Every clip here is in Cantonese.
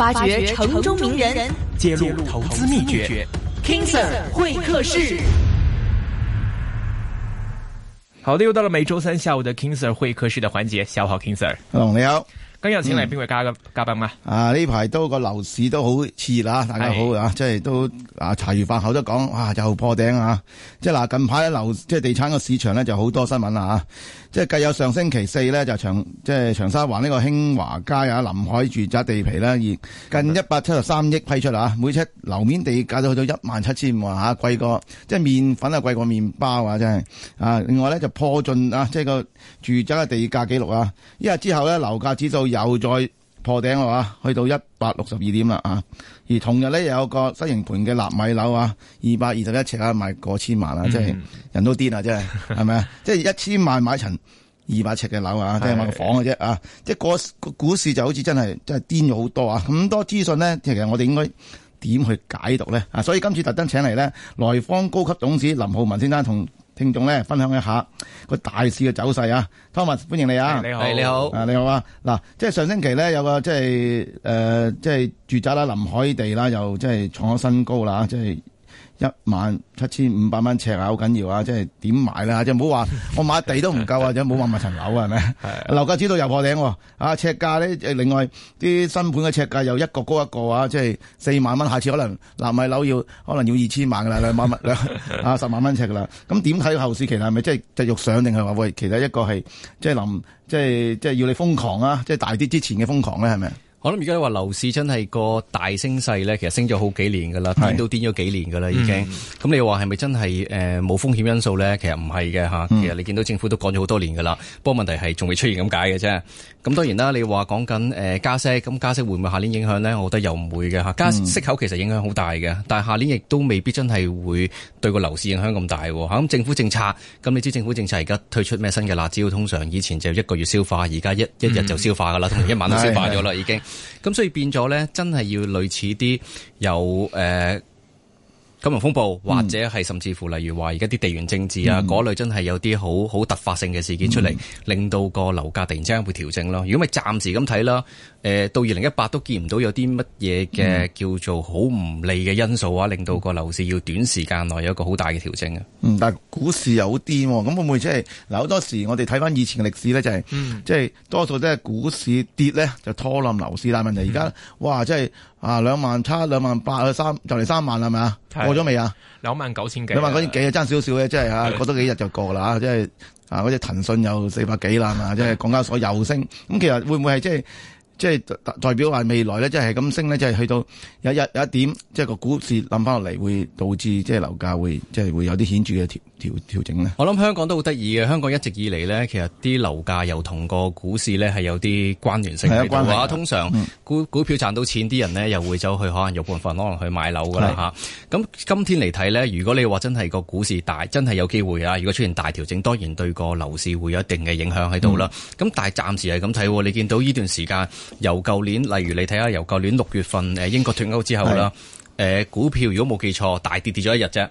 發掘城中名人，揭露投資秘訣。King Sir 會客室，好的，又到了每周三下午的 King Sir 會客室的環節，小好。King Sir。阿你好，今日請嚟邊位嘉嘉賓啊？啊呢排都個樓市都好熾熱啊，大家好啊，即係都啊茶餘飯後都講，哇又破頂啊！即係嗱近排咧樓即係地產個市場呢，就好多新聞啦啊。即係繼有上星期四咧，就長、即係長沙灣呢個興華街啊，臨海住宅地皮咧，而近一百七十三億批出啦、啊，每尺樓面地價都去到一萬七千五啊，吓，貴過即係麵粉啊，貴過麵包啊，真係啊！另外咧，就破盡啊，即係個住宅嘅地價紀錄啊！一日之後咧，樓價指數又再破頂啦，吓去到一百六十二點啦，啊！而同日咧，有個新型盤嘅納米樓啊，二百二十一尺啊，賣過千萬啊，嗯、即係人都癲啊， 即係係咪啊？即係一千萬買層二百尺嘅樓啊，即係買個房嘅、啊、啫的啊！即係個股市就好似真係真係癲咗好多啊！咁多資訊呢，其實我哋應該點去解讀呢？啊，所以今次特登請嚟呢，萊坊高級董事林浩文先生同聽眾咧，分享一下個大市嘅走勢啊！Thomas，歡迎你啊！Hey，你好，你好，啊你好啊！嗱，即係上星期咧，有個即係誒，即係住宅啦、臨海地啦，又即係創咗新高啦，即係。一萬七千五百蚊尺啊，好緊要啊！即係點買啦？就唔好話我買地都唔夠啊，就唔好話買層樓 啊，係咪？樓價知道又破頂喎，啊！尺價咧，另外啲新盤嘅尺價又一個高一個啊！即係四萬蚊，下次可能納米樓要可能要二千萬噶啦，兩萬蚊 啊，十萬蚊尺噶啦。咁點睇後市期啦？係咪即係繼續上定係話喂？其實一個係即係臨，即係即係要你瘋狂啊！即係大啲之前嘅瘋狂咧，係咪？我諗而家你話樓市真係個大升勢咧，其實升咗好幾年噶啦，跌是都跌咗幾年噶啦已經。咁、嗯、你話係咪真係誒冇風險因素咧？其實唔係嘅吓，啊嗯、其實你見到政府都講咗好多年噶啦。不過問題係仲未出現咁解嘅啫。咁、啊、當然啦，你話講緊誒加息，咁加息會唔會下年影響咧？我覺得又唔會嘅吓。加、嗯、息口其實影響好大嘅，但係下年亦都未必真係會對個樓市影響咁大吓。咁、啊嗯嗯、政府政策，咁你知政府政策而家推出咩新嘅辣招？通常以前就一個月消化，而家一一日就消化噶啦，一晚都消化咗啦是的已經。咁所以變咗咧，真係要類似啲有誒，由呃金融風暴，或者係甚至乎，例如話而家啲地緣政治啊，嗰、嗯、類真係有啲好好突發性嘅事件出嚟，嗯、令到個樓價突然之間會調整咯。如果咪暫時咁睇啦，誒到二零一八都見唔到有啲乜嘢嘅叫做好唔利嘅因素啊，令到個樓市要短時間內有一個好大嘅調整嘅。嗯，但係股市有啲喎，咁會唔會即係嗱好多時我哋睇翻以前嘅歷史咧、就係，嗯、就係即係多數即係股市跌咧就拖冧樓市，但係問題而家哇即係～、就係啊，兩萬七，兩萬八，三就嚟三萬啦，係咪啊？過咗未啊？係兩萬九千幾，兩萬九千幾啊，爭少少嘅，即係啊，過咗幾日就過啦啊，即係啊，嗰隻騰訊又四百幾啦，係嘛， 即係港交所又升，咁其實會唔會係即係？即係代表話未來咧，即係係咁升咧，即係去到有一有一，有一點，即係個股市冧翻落嚟，會導致即係樓價會即係會有啲顯著嘅調調調整咧。我諗香港都好得意嘅，香港一直以嚟咧，其實啲樓價又同個股市咧係有啲關聯性嘅。有關係。通常股、嗯、股票賺到錢呢，啲人咧又會走去可能有部分可能去買樓㗎啦嚇。咁是的 今天嚟睇咧，如果你話真係個股市大，真係有機會啊！如果出現大調整，當然對個樓市會有一定嘅影響喺度啦。咁但係暫時係咁睇，你見到呢段時間。由舊年，例如你睇下，由舊年六月份，誒、呃，英國脫歐之後啦，誒的、呃，股票如果冇記錯，大跌，跌咗一日啫，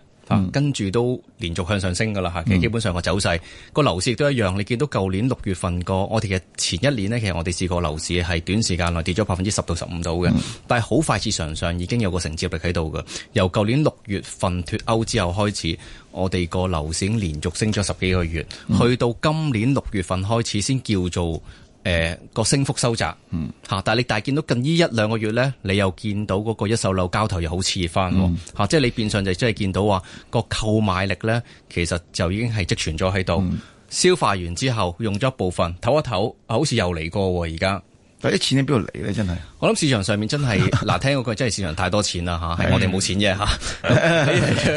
跟住、嗯啊、都連續向上升噶啦吓，其實基本上走勢、嗯、個走勢，個樓市亦都一樣。你見到舊年六月份個，我哋嘅前一年呢，其實我哋試過樓市係短時間內跌咗百分之十到十五度嘅，嗯、但係好快市場上，上已經有個承接力喺度嘅。由舊年六月份脫歐之後開始，我哋個樓市已經連續升咗十幾個月，嗯、去到今年六月份開始先叫做。誒，個升幅收窄，吓、嗯，但係你但係見到近呢一兩個月咧，你又見到嗰個一手樓交投又好似翻、哦、吓、嗯啊，即係你變相就即係見到話、個購買力咧，其實就已經係積存咗喺度，嗯、消化完之後用咗一部分，唞一唞，好似又嚟過而、哦、家。嗰啲錢喺邊度嚟咧？真係，我諗市場上面真係嗱，聽嗰句真係市場太多錢啦吓，係我哋冇錢啫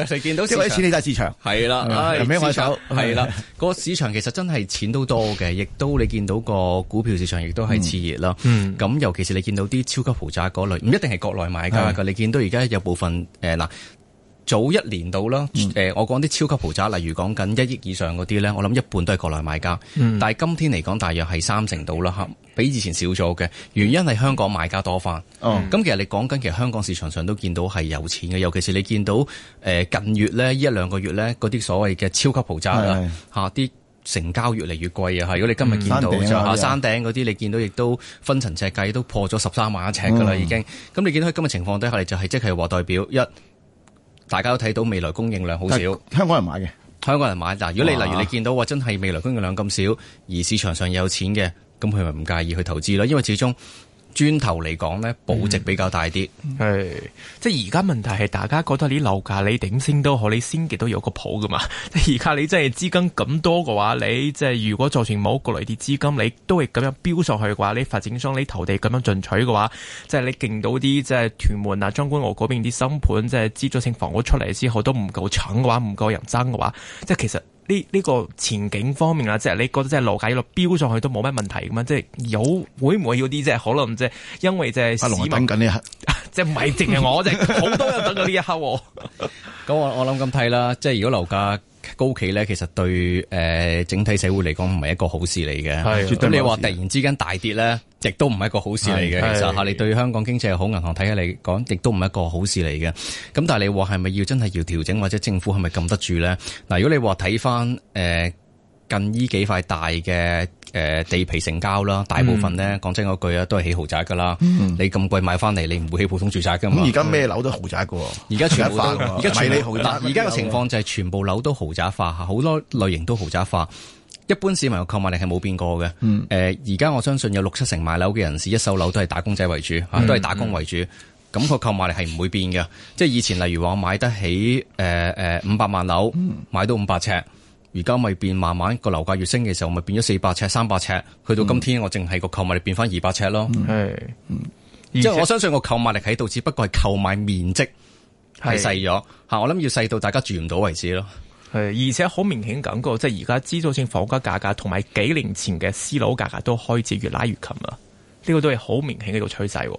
吓，你見到即係啲錢嚟晒市場，係啦，係咩開頭？係啦，個市場其實真係錢都多嘅，亦都你見到個股票市場亦都係熾熱啦。咁尤其是你見到啲超級豪宅嗰類，唔一定係國內買噶，你見到而家有部分誒嗱。早一年度啦，誒、嗯呃，我講啲超級豪宅，例如講緊一億以上嗰啲咧，我諗一半都係國內買家。嗯、但係今天嚟講，大約係三成度啦，嚇，比以前少咗嘅原因係香港買家多返。咁、嗯、其實你講緊，其實香港市場上都見到係有錢嘅，尤其是你見到誒近月咧，呢一兩個月咧，嗰啲所謂嘅超級豪宅、嗯、啊，嚇啲成交越嚟越貴啊。如果你今日見到就嚇、嗯、山頂嗰、啊、啲、啊，你見到亦都分層尺計都破咗十三萬一尺噶啦，已經、嗯。咁、嗯、你見到佢今日情況底下嚟，就係、是、即係話代表一。一大家都睇到未來供應量好少，香港人買嘅，香港人買嗱。如果你例如你見到話哇真係未來供應量咁少，而市場上有錢嘅，咁佢咪唔介意去投資囉，因為始終。磚頭嚟講咧，保值比較大啲。係、嗯，即係而家問題係，大家覺得你樓價你頂升都好，你升極都有個譜噶嘛。而家你真係資金咁多嘅話，你即係如果就算冇過嚟啲資金，你都係咁樣飆上去嘅話，你發展商你投地咁樣進取嘅話，即係你勁到啲，即係屯門啊、將軍澳嗰邊啲新盤，即係資助性房屋出嚟之後都唔夠搶嘅話，唔夠人爭嘅話，即係其實。呢呢個前景方面啊，即係你覺得即係樓價一路飆上去都冇咩問題㗎嘛？即係有會唔會要啲即係可能即係因為即係市民啊等緊呢？即係唔係淨係我啫，好多人等緊呢一刻。咁 我 我諗咁睇啦，即係如果樓價高企咧，其實對誒整體社會嚟講唔係一個好事嚟嘅。絕對的你話突然之間大跌咧。亦都唔係一個好事嚟嘅，是其實吓，你對香港經濟好，銀行睇起嚟講，亦都唔係一個好事嚟嘅。咁但係你話係咪要真係要調整，或者政府係咪禁得住咧？嗱，如果你話睇翻誒近依幾塊大嘅誒、呃、地皮成交啦，大部分咧講、嗯、真嗰句啊，都係起豪宅噶啦。嗯、你咁貴買翻嚟，你唔會起普通住宅嘅嘛。咁而家咩樓都豪宅噶、啊，而家全化、啊，而家全你豪宅。而家嘅情況就係全部樓都豪宅化，好多類型都豪宅化。一般市民嘅購買力係冇變過嘅，誒，而家我相信有六七成買樓嘅人士，一手樓都係打工仔為主，都係打工為主，咁個購買力係唔會變嘅。即係以前，例如話我買得起，誒誒五百萬樓，買到五百尺，而家咪變，慢慢個樓價越升嘅時候，咪變咗四百尺、三百尺，去到今天，我淨係個購買力變翻二百尺咯。係，即係我相信個購買力喺度，只不過係購買面積係細咗吓，我諗要細到大家住唔到為止咯。係，而且好明顯感覺，即係而家資助性房屋價格同埋幾年前嘅私樓價格都開始越拉越近啦。呢、這個都係好明顯嘅一個趨勢。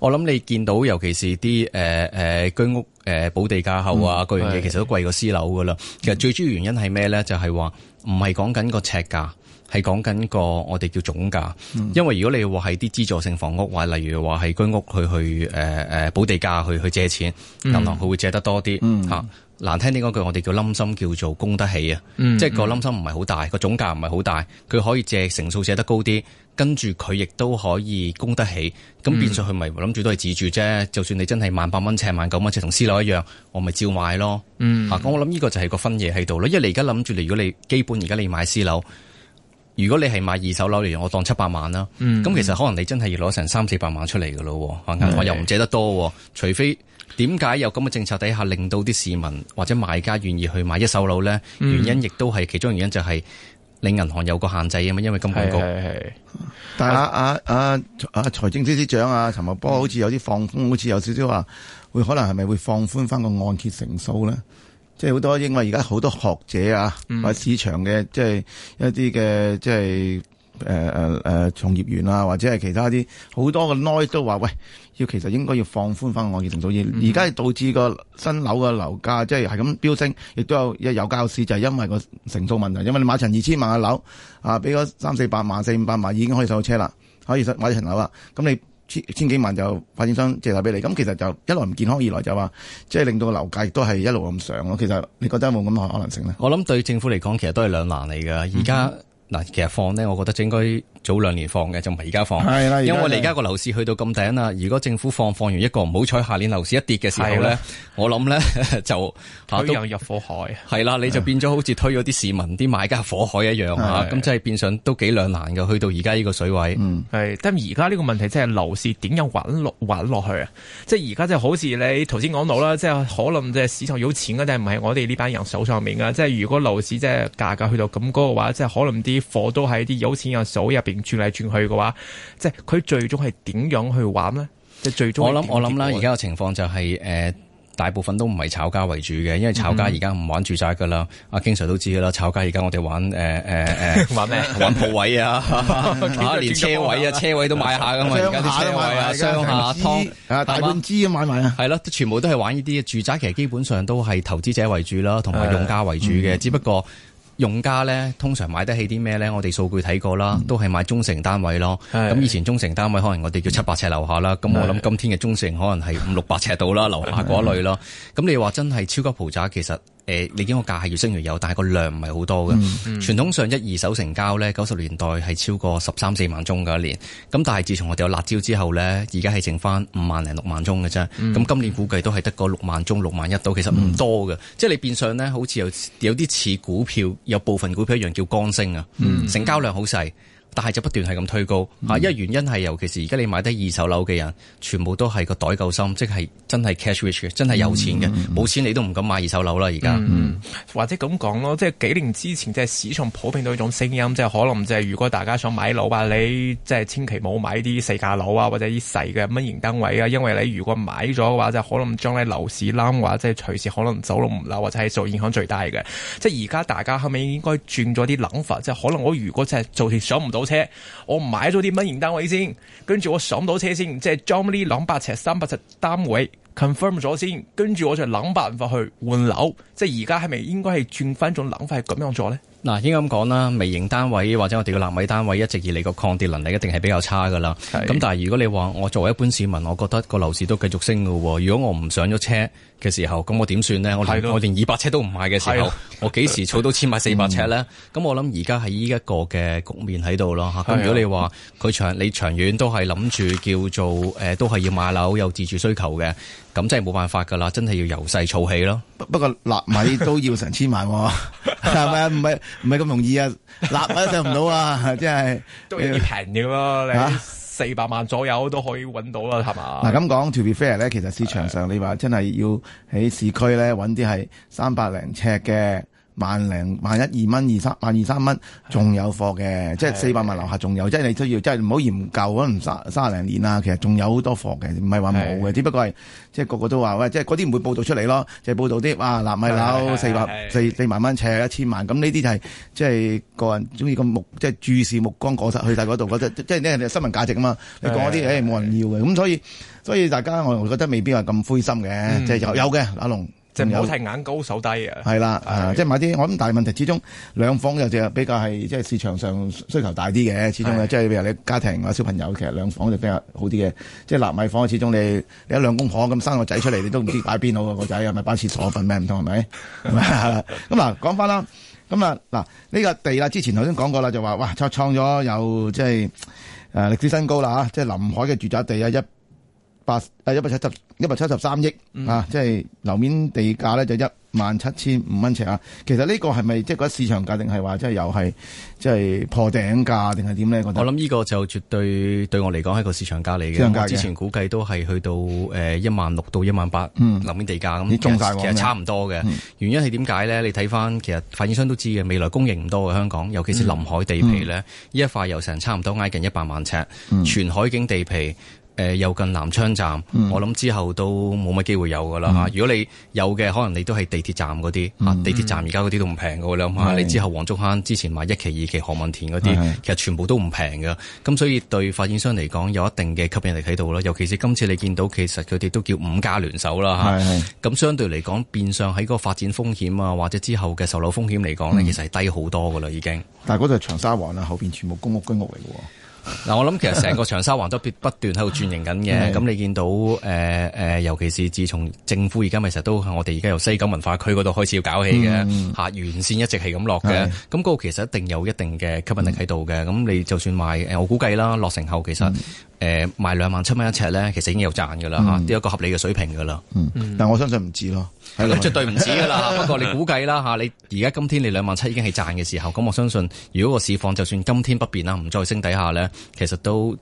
我諗你見到，尤其是啲誒誒居屋誒補、呃、地價口啊，嗰、嗯、樣嘢是其實都樓貴過私樓噶啦。嗯、其實最主要原因係咩咧？就係話唔係講緊個尺價，係講緊個我哋叫總價。嗯、因為如果你話係啲資助性房屋，或例如話係居屋去，呃、保去去誒誒補地價，去去借錢，銀行佢會借得多啲吓。嗯嗯難聽啲句，我哋叫冧心，叫做供得起啊！嗯、即係個冧心唔係好大，個總價唔係好大，佢可以借成數借得高啲，跟住佢亦都可以供得起。咁變咗佢咪諗住都係自住啫。嗯、就算你真係萬八蚊尺萬九蚊尺同私樓一樣，我咪照買咯。咁、嗯啊，我諗呢個就係個分野喺度咯。因為你而家諗住，如果你基本而家你要買私樓，如果你係買二手樓嚟，我當七百萬啦。咁、嗯嗯、其實可能你真係要攞成三四百萬出嚟噶咯。我又唔借得多，除非。點解有咁嘅政策底下，令到啲市民或者買家願意去買一手樓呢？原因亦都係其中原因，就係你銀行有個限制啊嘛，因為金管局，嗯、但係阿阿阿阿財政司司長啊，陳茂波好似有啲放風，嗯、好似有少少話會可能係咪會放寬返個按揭成數呢？即係好多，因為而家好多學者啊，或、嗯、市場嘅即係一啲嘅即係。就是誒誒誒，從、呃呃、業員啊，或者係其他啲，好多嘅 noise 都話，喂，要其實應該要放寬翻按揭成數嘢。而家、mm hmm. 導致個新樓嘅樓價，即係係咁飆升，亦都有一有交易市，就係、是、因為個成數問題。因為你買層二千萬嘅樓，啊，俾咗三四百萬、四五百萬已經可以上車啦，可以買層樓啦。咁你千千幾萬就發展商借貸俾你，咁其實就一來唔健康，二來就話即係令到個樓價亦都係一路咁上咯。其實你覺得有冇咁嘅可能性呢？我諗對政府嚟講，其實都係兩難嚟㗎。而家、mm。Hmm. 嗱，其實放咧，我覺得應該。早兩年放嘅就唔係而家放，因為而家個樓市去到咁頂啦、啊。如果政府放放完一個，唔好彩下年樓市一跌嘅時候咧，的我諗想咧 就嚇都、啊、入，入火海。係啦，你就變咗好似推咗啲市民啲買家火海一樣咁真係變相都幾兩難嘅。去到而家呢個水位，係，但而家呢個問題即係、就是、樓市點樣玩落玩落去啊？即係而家即係好似你頭先講到啦，即、就、係、是、可能即係市場有錢嘅但係唔係我哋呢班人手上面嘅，即、就、係、是、如果樓市即係價格去到咁高嘅話，即、就、係、是、可能啲貨都喺啲有錢人手入邊。轉嚟轉去嘅話，即係佢最終係點樣去玩呢？即係最終我諗我諗啦，而家嘅情況就係、是、誒、呃，大部分都唔係炒家為主嘅，因為炒家而家唔玩住宅噶啦。嗯、啊，King Sir 都知噶啦，炒家而家我哋玩誒誒誒，呃呃、 玩咩？玩鋪位啊， 啊連 車位啊，車位都買下噶嘛。而家啲車位啊，商 下湯啊，湯但大半支都買埋啊。係咯，全部都係玩呢啲嘅住宅。其實基本上都係投資者為主啦，同埋用家為主嘅，嗯、只不過。用家咧通常買得起啲咩咧？我哋數據睇過啦，都係買中成單位咯。咁、嗯、以前中成單位可能我哋叫七百尺樓下啦，咁的我諗今天嘅中成可能係五六百尺度啦，樓下嗰類咯。咁的你話真係超級豪宅其實？誒，你見個價係越升越有，但係個量唔係好多嘅。傳、嗯嗯、統上一二手成交咧，九十年代係超過十三四萬宗嘅一年，咁但係自從我哋有辣招之後咧，5, 000, 6, 000而家係剩翻五萬零六萬宗嘅啫。咁、嗯、今年估計都係得個六萬宗六萬一度，其實唔多嘅。嗯、即係你變相咧，好似有有啲似股票，有部分股票一樣叫乾升啊，嗯嗯、成交量好細。但係就不斷係咁推高，嚇、嗯，因為原因係尤其是而家你買得二手樓嘅人，全部都係個袋夠深，即係真係 cash rich 嘅，真係有錢嘅，冇、嗯、錢你都唔敢買二手樓啦。而家，嗯嗯、或者咁講咯，即係幾年之前，即係市場普遍到一種聲音，即係可能即係如果大家想買樓啊，你即係千祈冇買啲細價樓啊，或者啲細嘅蚊型單位啊，因為你如果買咗嘅話，就可能將你樓市冧，或者即係隨時可能走都唔走，或者係受影響最大嘅。即係而家大家後尾應該轉咗啲諗法，即係可能我如果真係做想唔到。車，我買咗啲蚊型單位先，跟住我上到車先，即係將呢兩百尺、三百尺單位 confirm 咗先，跟住我就諗辦法去換樓，即係而家係咪應該係轉翻種諗法，係咁樣做咧？嗱，應該咁講啦，微型單位或者我哋嘅納米單位，一直以嚟個抗跌能力一定係比較差噶啦。咁是但係如果你話我作為一般市民，我覺得個樓市都繼續升噶，如果我唔上咗車嘅時候，咁我點算呢？我連的我連二百尺都唔買嘅時候，的我幾時儲到錢買四百尺咧？咁、嗯、我諗而家喺依一個嘅局面喺度咯吓。咁的如果你話佢長，你長遠都係諗住叫做誒，都係要買樓有自住需求嘅，咁真係冇辦法噶啦，真係要由細儲起咯。不不過納米都要成千萬，係咪啊？唔係唔係咁容易啊？納米都上唔到啊，即係都要平啲咯。啊 四百萬左右都可以揾到啦，係嘛？嗱、啊，咁講 to be fair 咧，其實市場上你話真係要喺市區咧，揾啲係三百零尺嘅。萬零萬一二蚊二三萬二三蚊，仲有貨嘅，即係四百萬樓下仲有，即係你都要，即係唔好研究。嗰啲，三三零年啦，其實仲有好多貨嘅，唔係話冇嘅，只不過係即係個個都話喂，即係嗰啲唔會報道出嚟咯，就報道啲哇納米樓四百四四萬蚊尺一千萬，咁呢啲就係即係個人中意個目，即係注視目光過晒去晒嗰度，覺得即係呢啲係新聞價值啊嘛，你講嗰啲誒冇人要嘅，咁所以所以大家我覺得未必係咁灰心嘅，即係有有嘅阿龍。即係冇睇眼高手低啊！係、就、啦、是，誒，即係買啲我諗，大係問題始終兩房又就比較係即係市場上需求大啲嘅，始終啊，即係譬如你家庭啊、小朋友，其實兩房就比較好啲嘅。即係納米房始終你你一兩公婆咁生個仔出嚟，你都唔知擺邊度個仔 啊，咪擺廁所瞓咩唔通？係咪？咁嗱，講翻啦，咁啊嗱呢、這個地啦，之前頭先講過啦，就話哇創創咗有即係誒、呃、歷史新高啦嚇、啊，即係臨海嘅住宅地啊一。八誒一百七十一百七十三億啊！即係樓面地價咧就一萬七千五蚊尺啊！其實呢個係咪即係嗰個市場價，定係話即係又係即係破頂價，定係點咧？我諗呢個就絕對對我嚟講係一個市場價嚟嘅。之前估計都係去到誒一萬六到一萬八樓面地價咁，其實,、嗯、其實差唔多嘅。嗯、原因係點解咧？你睇翻其實發展商都知嘅，未來供應唔多嘅香港，尤其是臨海地皮咧，呢、嗯嗯、一塊又成差唔多挨近一百萬尺，嗯、全海景地皮。誒，又近南昌站，我諗之後都冇乜機會有噶啦吓。如果你有嘅，可能你都係地鐵站嗰啲吓，地鐵站而家嗰啲都唔平噶啦嘛。你之後黃竹坑之前買一期、二期、何文田嗰啲，其實全部都唔平噶咁所以對發展商嚟講，有一定嘅吸引力喺度啦。尤其是今次你見到，其實佢哋都叫五家聯手啦。咁相對嚟講，變相喺個發展風險啊，或者之後嘅售樓風險嚟講咧，其實係低好多噶啦已經。但係嗰度係長沙灣啊，後邊全部公屋居屋嚟嘅。嗱，我諗其實成個長沙灣都不斷喺度轉型緊嘅，咁你見到誒誒，尤其是自從政府而家咪成日都我哋而家由西九文化區嗰度開始要搞起嘅吓，沿線一直係咁落嘅，咁嗰個其實一定有一定嘅吸引力喺度嘅。咁你就算賣，我估計啦，落成後其實誒賣兩萬七蚊一尺咧，其實已經有賺噶啦吓，有一個合理嘅水平噶啦。但我相信唔止咯，係咯，絕對唔止噶啦。不過你估計啦吓，你而家今天你兩萬七已經係賺嘅時候，咁我相信如果個市況就算今天不變啦，唔再升底下咧。其實都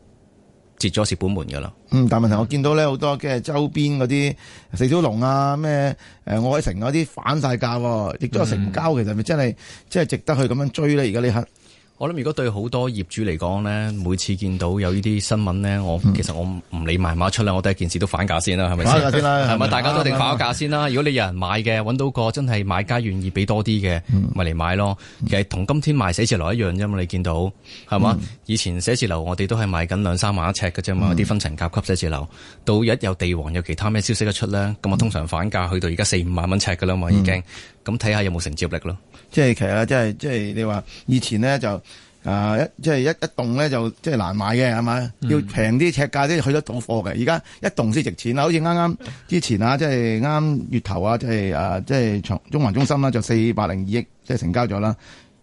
截咗蝕本門噶啦，嗯，但係問題我見到咧，好多嘅周邊嗰啲四小龍啊，咩誒愛城嗰啲反晒價，亦都有成交，其實咪真係真係值得去咁樣追咧？而家呢刻。我諗如果對好多業主嚟講咧，每次見到有呢啲新聞咧，嗯、我其實我唔理賣唔賣得出啦，我第一件事都反價先啦，係咪先？啦，係咪？大家都一定反咗價先啦。如果你有人買嘅，揾到個真係買家願意俾多啲嘅，咪嚟、嗯、買咯。其實同今天賣寫字樓一樣啫嘛。你見到係嘛？是是嗯、以前寫字樓我哋都係賣緊兩三萬一尺嘅啫嘛，啲分層甲級寫字樓到一有地王有其他咩消息一出咧，咁我通常反價去到而家四五萬蚊尺噶啦嘛，已經、嗯。咁睇下有冇承接力咯，即，即係其實即係即係你話以前咧就，啊、呃、一即係一一棟咧就即係難買嘅係咪？嗯、要平啲尺價先去得到貨嘅，而家一棟先值錢啦，好似啱啱之前剛剛啊，即係啱月頭啊，即係啊即係長中環中心啦，就四百零二億即係成交咗啦。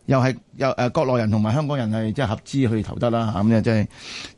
又係又誒，國內人同埋香港人係即係合資去投得啦，咁咧即係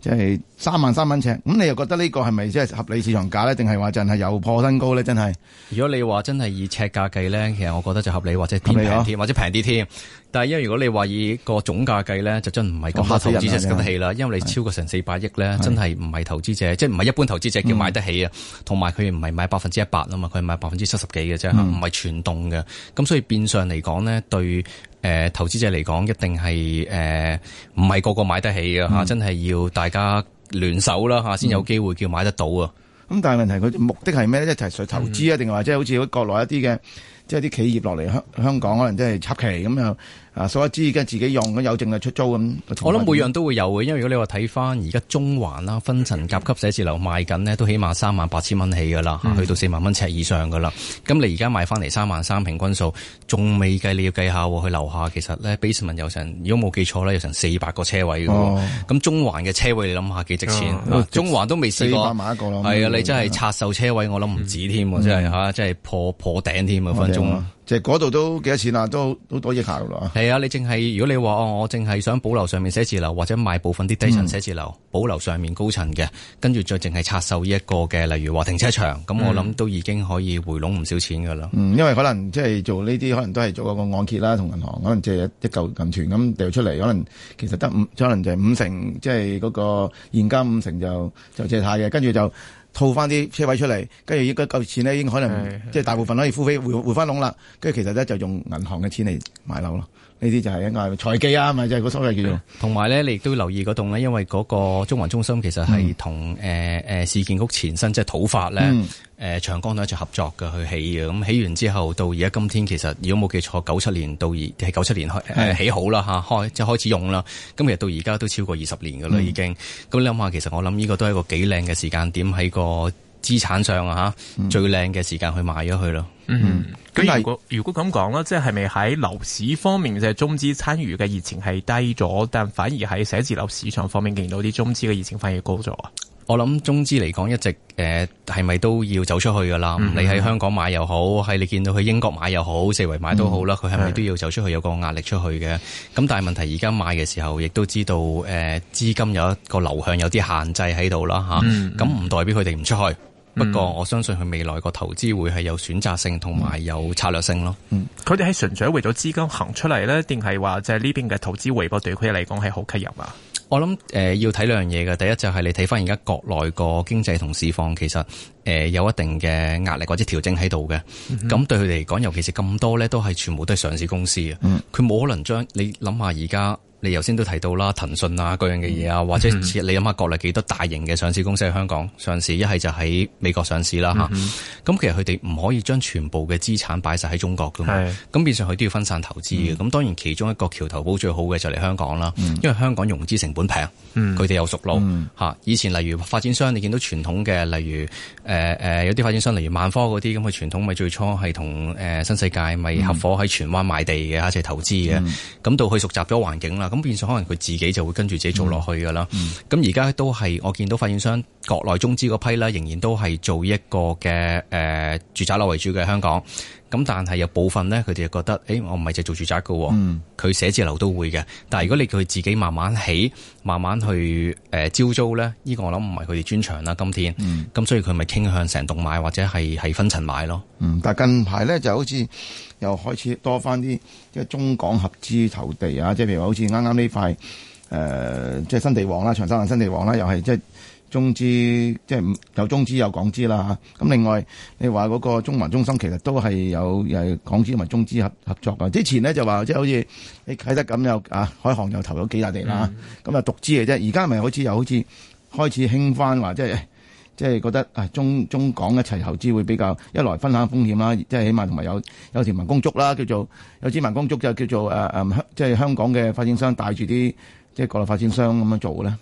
即係三萬三蚊尺。咁、嗯、你又覺得呢個係咪即係合理市場價咧？定係話真係又破新高咧？真係。如果你話真係以尺價計咧，其實我覺得就合理，或者偏平啲，哦、或者平啲添。但係因為如果你話以個總價計咧，就真唔係咁多投資得起啦。因為你超過成四百億咧，是真係唔係投資者，是即係唔係一般投資者叫買得起啊。同埋佢唔係買百分之一百啊嘛，佢係買百分之七十幾嘅啫，唔係、嗯、全凍嘅。咁所以變相嚟講呢，對。誒，投資者嚟講一定係誒，唔、呃、係個,個個買得起嘅嚇、嗯啊，真係要大家聯手啦嚇，先、啊、有機會叫買得到啊。咁、嗯嗯、但係問題佢目的係咩咧？一係想投資啊，定係話即係好似國內一啲嘅即係啲企業落嚟香香港，可能即係插旗咁樣。啊，所以租而家自己用，咁有剩就出租咁。我諗每樣都會有嘅，因為如果你話睇翻而家中環啦，分層甲級寫字樓賣緊呢，都起碼三萬八千蚊起噶啦，嗯、去到四萬蚊尺以上噶啦。咁你而家賣翻嚟三萬三，平均數仲未計，你要計下，佢樓下其實呢 basement 有成，如果冇記錯咧，有成四百個車位嘅。哦。咁中環嘅車位你諗下幾值錢？哦、中環都未試過。四百萬一個咯。係啊，你真係拆售車位，我諗唔止添，真係吓，真係破破頂添，分鐘。啊其實嗰度都幾多錢啊，都好多億下噶啦。係啊，你淨係如果你話哦，我淨係想保留上面寫字樓或者賣部分啲低層寫字樓，嗯、保留上面高層嘅，跟住再淨係拆售呢一個嘅，例如話停車場，咁、嗯、我諗都已經可以回籠唔少錢噶啦。嗯，因為可能即係、就是、做呢啲，可能都係做個按揭啦，同銀行，可能借一舊銀團咁掉出嚟，可能其實得五，可能就係五成，即係嗰個現金五成就就借下嘅，跟住就。套翻啲車位出嚟，跟住應該夠錢咧，已經可能係係係即係大部分可以付費回，回回翻籠啦。跟住其實咧就用銀行嘅錢嚟買樓咯。呢啲就係一個財技啊，咪就係嗰所謂叫做。同埋咧，你亦都要留意嗰棟咧，因為嗰個中環中心其實係同誒誒市建局前身即係土發咧誒、呃、長江都一齊合作嘅去起嘅。咁、嗯、起、嗯、完之後，到而家今天其實如果冇記錯，九七年到而係九七年開誒起好啦嚇，開即係開始用啦。咁其實到而家都超過二十年㗎啦，已經。咁你諗下，其實我諗呢個都係一個幾靚嘅時間點喺個。資產上啊，嚇最靚嘅時間去買咗佢咯。嗯，咁但係如果如果咁講啦，即係咪喺樓市方面嘅中資參與嘅熱情係低咗，但反而喺寫字樓市場方面見到啲中資嘅熱情反而高咗啊？我諗中資嚟講一直誒係咪都要走出去㗎啦？你喺香港買又好，係你見到去英國買又好，四圍買都好啦。佢係咪都要走出去有個壓力出去嘅？咁但係問題而家買嘅時候，亦都知道誒、呃、資金有一個流向有啲限制喺度啦嚇。咁、啊、唔代表佢哋唔出去。不過我相信佢未來個投資會係有選擇性同埋有策略性咯。嗯，佢哋係純粹為咗資金行出嚟咧，定係話就係呢邊嘅投資回報對佢嚟講係好吸引啊？我諗誒、呃，要睇兩樣嘢嘅，第一就係你睇翻而家國內個經濟同市況，其實誒、呃、有一定嘅壓力或者調整喺度嘅。咁、嗯、哼對佢嚟講，尤其是咁多咧，都係全部都係上市公司啊，佢冇、嗯、可能將你諗下而家。你頭先都提到啦，騰訊啊，各樣嘅嘢啊，嗯、或者你諗下，國內幾多大型嘅上市公司喺香港上市，一係就喺美國上市啦吓，咁其實佢哋唔可以將全部嘅資產擺晒喺中國噶嘛，咁、嗯、變相佢都要分散投資嘅。咁、嗯、當然其中一個橋頭堡最好嘅就嚟香港啦，嗯、因為香港融資成本平，佢哋、嗯、又熟路吓、嗯嗯、以前例如發展商，你見到傳統嘅，例如誒誒、呃呃呃、有啲發展商，例如萬科嗰啲咁嘅傳統咪最初係同誒新世界咪合伙喺荃灣賣地嘅一齊投資嘅，咁、嗯嗯、到佢熟習咗環境啦。咁變相可能佢自己就會跟住自己做落去㗎啦。嗯。咁而家都係我見到發展商國內中資嗰批咧，仍然都係做一個嘅誒、呃、住宅樓為主嘅香港。咁但係有部分咧，佢哋覺得，誒、欸，我唔係淨係做住宅噶、哦，佢、嗯、寫字樓都會嘅。但係如果你佢自己慢慢起，慢慢去誒、呃、招租咧，呢、這個我諗唔係佢哋專長啦。今天、嗯，咁、嗯、所以佢咪傾向成棟買或者係係分層買咯。嗯，但係近排咧就好似又開始多翻啲，即係中港合資投地啊，即係譬如話好似啱啱呢塊誒、呃，即係新地王啦，長沙灣新地王啦，又係即係。中資即係有中資有港資啦嚇，咁、啊、另外你話嗰個中環中心其實都係有誒港資同埋中資合合作嘅。之前呢，就話即係好似你啟德咁，又啊海航又投咗幾笪地啦，咁啊獨資嘅啫。而家咪好似又好似開始興翻話、啊、即係即係覺得啊中中港一齊投資會比較一來分享風險啦、啊，即係起碼同埋有有條民工足啦、啊，叫做有支民工足就叫做誒誒香即係香港嘅發展商帶住啲即係國內發展商咁樣做咧。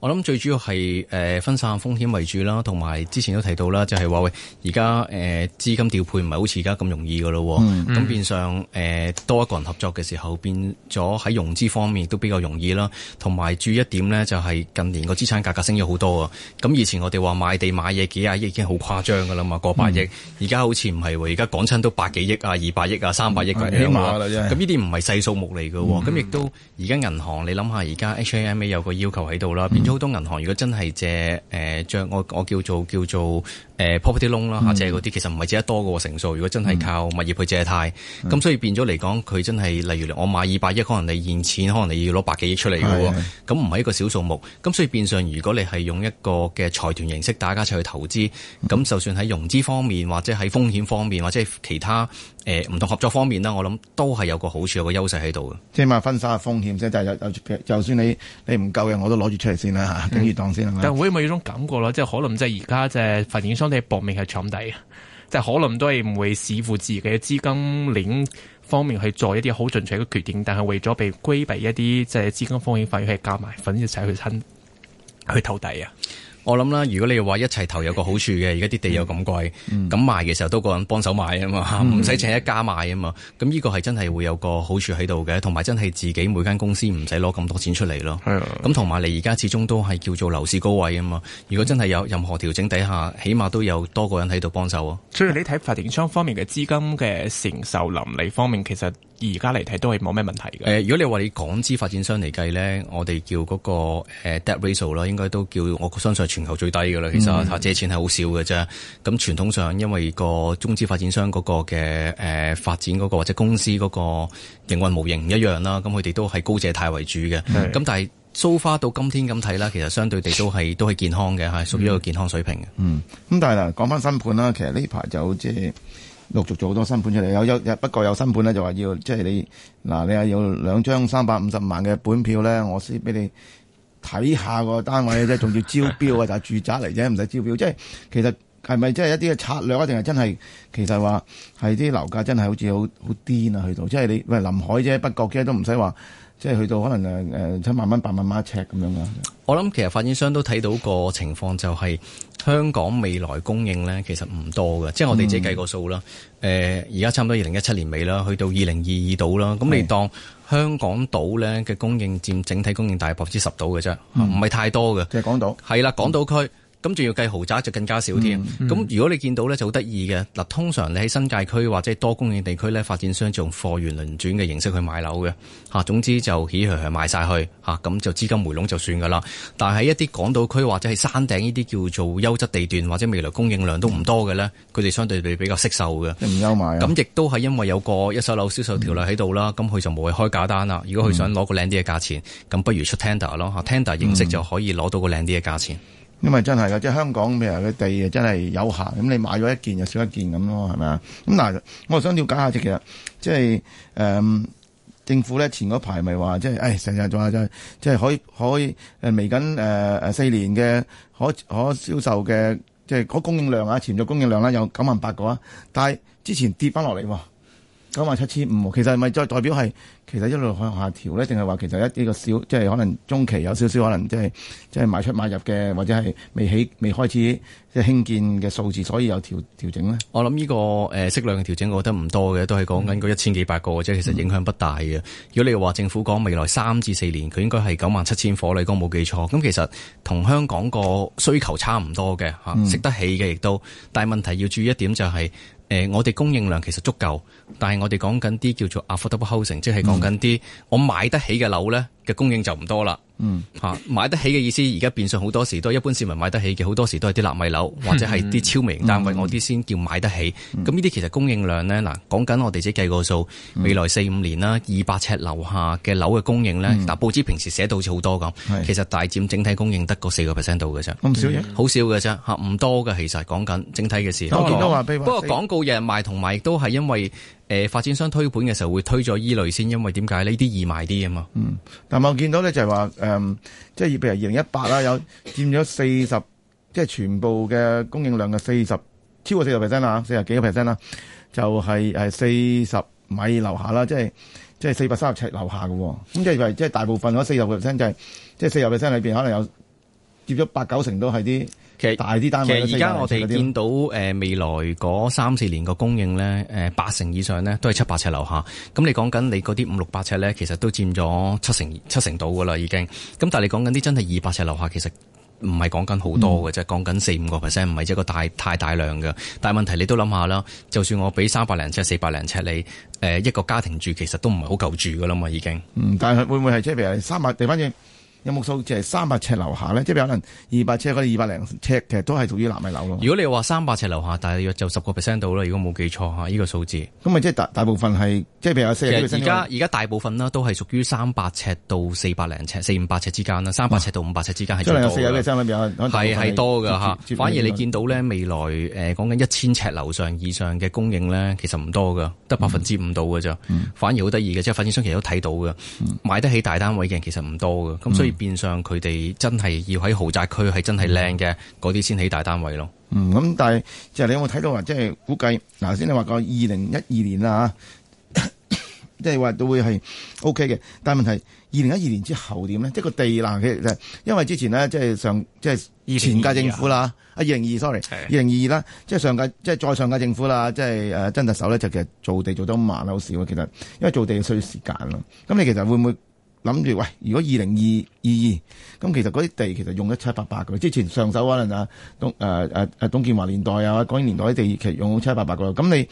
我諗最主要係誒、呃、分散風險為主啦，同埋之前都提到啦，就係、是、話喂而家誒資金調配唔係好似而家咁容易噶咯，咁、嗯、變相誒、呃、多一個人合作嘅時候，變咗喺融資方面都比較容易啦。同埋注意一點咧，就係、是、近年個資產價格，格升咗好多啊。咁以前我哋話買地買嘢幾廿億已經好誇張噶啦嘛，過百億，而家、嗯、好似唔係喎，而家講親都百幾億啊、二百億啊、三百億，起碼。咁呢啲唔係細數目嚟噶，咁亦、嗯嗯、都而家銀行你諗下，而家 HMA 有個要求喺度啦。好多銀行如果真係借，誒、呃，著我我叫做叫做。誒 Property loan 啦，借嗰啲其實唔係借得多嘅成數。如果真係靠物業去借貸，咁、嗯、所以變咗嚟講，佢真係例如我買二百億，可能你現錢可能你要攞百幾億出嚟嘅喎，咁唔係一個小數目。咁的所以變相，如果你係用一個嘅財團形式，大家一齊去投資，咁的就算喺融資方面，或者喺風險方面，或者係其他誒唔、呃、同合作方面啦，我諗都係有個好處，有個優勢喺度嘅。即係咪分散風險先？即、就、係、是、就算你你唔夠嘅，我都攞住出嚟先啦嚇，等住當先。但會唔會有種感覺咧？即係可能即係而家即係發展商。你搏命去搶底，即係可能都係唔會視乎自己嘅資金鏈方面去做一啲好盡取嘅決定，但係為咗被規避一啲即係資金風險，反而係加埋，粉，正就踩佢親去投底啊。我諗啦，如果你話一齊投有個好處嘅，而家啲地又咁貴，咁、嗯、賣嘅時候多個人幫手買啊嘛，唔使、嗯、請一家買啊嘛，咁呢個係真係會有個好處喺度嘅，同埋真係自己每間公司唔使攞咁多錢出嚟咯。係啊，咁同埋你而家始終都係叫做樓市高位啊嘛，如果真係有任何調整底下，起碼都有多個人喺度幫手啊。所以你睇發展商方面嘅資金嘅承受能力方面，其實。而家嚟睇都係冇咩問題嘅。誒、呃，如果你話你港資發展商嚟計咧，我哋叫嗰、那個 debt ratio 啦，呃、ult, 應該都叫我相信係全球最低嘅啦。其實、啊、借錢係好少嘅啫。咁傳統上因為個中資發展商嗰個嘅誒、呃、發展嗰、那個或者公司嗰個營運模型唔一樣啦，咁佢哋都係高借貸為主嘅。咁是但係是 SoFar 是到今天咁睇啦，其實相對地都係都係健康嘅係，屬於一個健康水平嘅、嗯。嗯。咁但係嗱，講翻新盤啦，其實呢排就即係。陸續做好多新盤出嚟，有有不過有新盤咧就話要即係你，嗱，你係有兩張三百五十萬嘅本票咧，我先俾你睇下個單位即係，仲要招標啊？就係 住宅嚟啫，唔使招標。即係其實係咪即係一啲嘅策略一定係真係其實話係啲樓價真係好似好好癲啊！去到即係你喂，臨海啫，北角啫都唔使話。即係去到可能誒誒七萬蚊、八萬蚊一尺咁樣嘅。我諗其實發展商都睇到個情況，就係香港未來供應咧，其實唔多嘅。即係我哋自己計個數啦。誒、嗯，而家、呃、差唔多二零一七年尾啦，去到二零二二度啦。咁是你當香港島咧嘅供應佔整體供應大約百分之十度嘅啫，唔係、嗯、太多嘅。即係港島。係啦，港島區。嗯咁仲要計豪宅就更加少添。咁、嗯嗯、如果你見到咧就好得意嘅，嗱通常你喺新界區或者多供應地區咧，發展商用貨源輪轉嘅形式去買樓嘅，吓，總之就起起賣晒去，吓，咁就資金回籠就算噶啦。但係一啲港島區或者係山頂呢啲叫做優質地段或者未來供應量都唔多嘅咧，佢哋相對比較惜售嘅，唔憂買，啊。咁亦都係因為有個一手樓銷售條例喺度啦，咁佢、嗯、就冇去開價單啦。如果佢想攞個靚啲嘅價錢，咁、嗯、不如出 tender 吓 tender 形式就可以攞到個靚啲嘅價錢。因為真係噶，即係香港譬如佢地啊，真係有限，咁你買咗一件就少一件咁咯，係咪啊？咁嗱，我想了解下，即係其實即係誒、嗯，政府咧前嗰排咪話，即係誒成日話就係即係可以，可誒未緊誒誒四年嘅可可銷售嘅即係嗰供應量啊，潛在供應量啦、啊，有九萬八個啊，但係之前跌翻落嚟。九萬七千五，其實係咪再代表係其實一路向下調咧？定係話其實一呢個少，即係可能中期有少少可能、就是，即係即係賣出買入嘅，或者係未起未開始即係、就是、興建嘅數字，所以有調調整咧？我諗呢、這個誒適、呃、量嘅調整，我覺得唔多嘅，都係講緊嗰一千幾百個，即係其實影響不大嘅。如果你話政府講未來三至四年佢應該係九萬七千伙，你講冇記錯，咁其實同香港個需求差唔多嘅嚇，食、嗯啊、得起嘅亦都，但係問題要注意一點就係、是。誒、呃、我哋供應量其實足夠，但係我哋講緊啲叫做 affordable housing，即係講緊啲我買得起嘅樓咧嘅供應就唔多啦。嗯，吓買得起嘅意思，而家變相好多時都係一般市民買得起嘅，好多時都係啲納米樓或者係啲超微型單位，嗯嗯、我啲先叫買得起。咁呢啲其實供應量咧，嗱講緊我哋自己計個數，嗯、未來四五年啦，二百尺樓下嘅樓嘅供應咧，嗱、嗯、報紙平時寫到好似好多咁，是其實大佔整體供應得嗰四個 percent 度嘅啫，少嗯、好少嘅啫吓，唔多嘅其實講緊整體嘅事。不過不過廣告日日賣，同埋亦都係因為。誒發展商推盤嘅時候會推咗依類先，因為點解呢啲易賣啲啊嘛。嗯，但係我見到咧就係話，誒、呃，即係譬如二零一八啦，有佔咗四十，即係全部嘅供應量嘅四十，超過四十 percent 啦，四十幾個 percent 啦、啊，就係係四十米樓下啦，即係即係四百三十尺樓下嘅。咁即係話，即係大部分四十 percent 就係、是，即係四十 percent 裏邊可能有接咗八九成都係啲。其實大啲單位，其實而家我哋見到誒、呃呃、未來嗰三四年個供應咧，誒、呃、八成以上咧都係七百尺樓下。咁你講緊你嗰啲五六百尺咧，其實都佔咗七成七成到噶啦，已經。咁但係你講緊啲真係二百尺樓下，其實唔係講緊好多嘅啫，講緊四五個 percent，唔係一個大太大量嘅。但係問題你都諗下啦，就算我俾三百零尺、四百零尺你，誒、呃、一個家庭住，其實都唔係好夠住噶啦嘛，已經。嗯、但係會唔會係即係譬如三百？地翻轉。有冇數字係三百尺樓下咧？即係可能二百尺或者二百零尺，其實都係屬於納米樓咯。如果你話三百尺樓下，大約就十個 percent 到咧，如果冇記錯嚇，依、這個數字。咁啊，即係大大部分係，即係譬如四廿而家而家大部分啦，都係屬於三百尺到四百零尺、四五百尺之間啦。三百尺到五百尺之間係最多嘅。四廿幾箱裏邊係係多㗎，反而你見到咧，未來誒、呃、講緊一千尺樓上以上嘅供應咧，其實唔多嘅，得百分之五度嘅啫。嗯、反而好得意嘅，即係發展商其實都睇到嘅，嗯、買得起大單位嘅人其實唔多嘅。咁、嗯、所以、嗯變相佢哋真係要喺豪宅區係真係靚嘅嗰啲先起大單位咯。嗯，咁但係即係你有冇睇到話，即係估計頭先你話過二零一二年啦吓、啊， 即係話都會係 O K 嘅。但係問題二零一二年之後點呢？即係個地嗱，其實因為之前呢，即係上即係前屆政府啦，啊二零二 sorry，二零二二啦，即係上屆即係再上屆政府啦，即係誒曾特首咧就其實就做地做得好慢好少啊。其實因為做地需要時間咯。咁你其實會唔會？諗住喂，如果二零二二二，咁其實嗰啲地其實用得七七八八㗎。之前上手嗰陣啊，董誒誒誒董建華年代啊，港英年代啲地其實用到七七八八㗎。咁你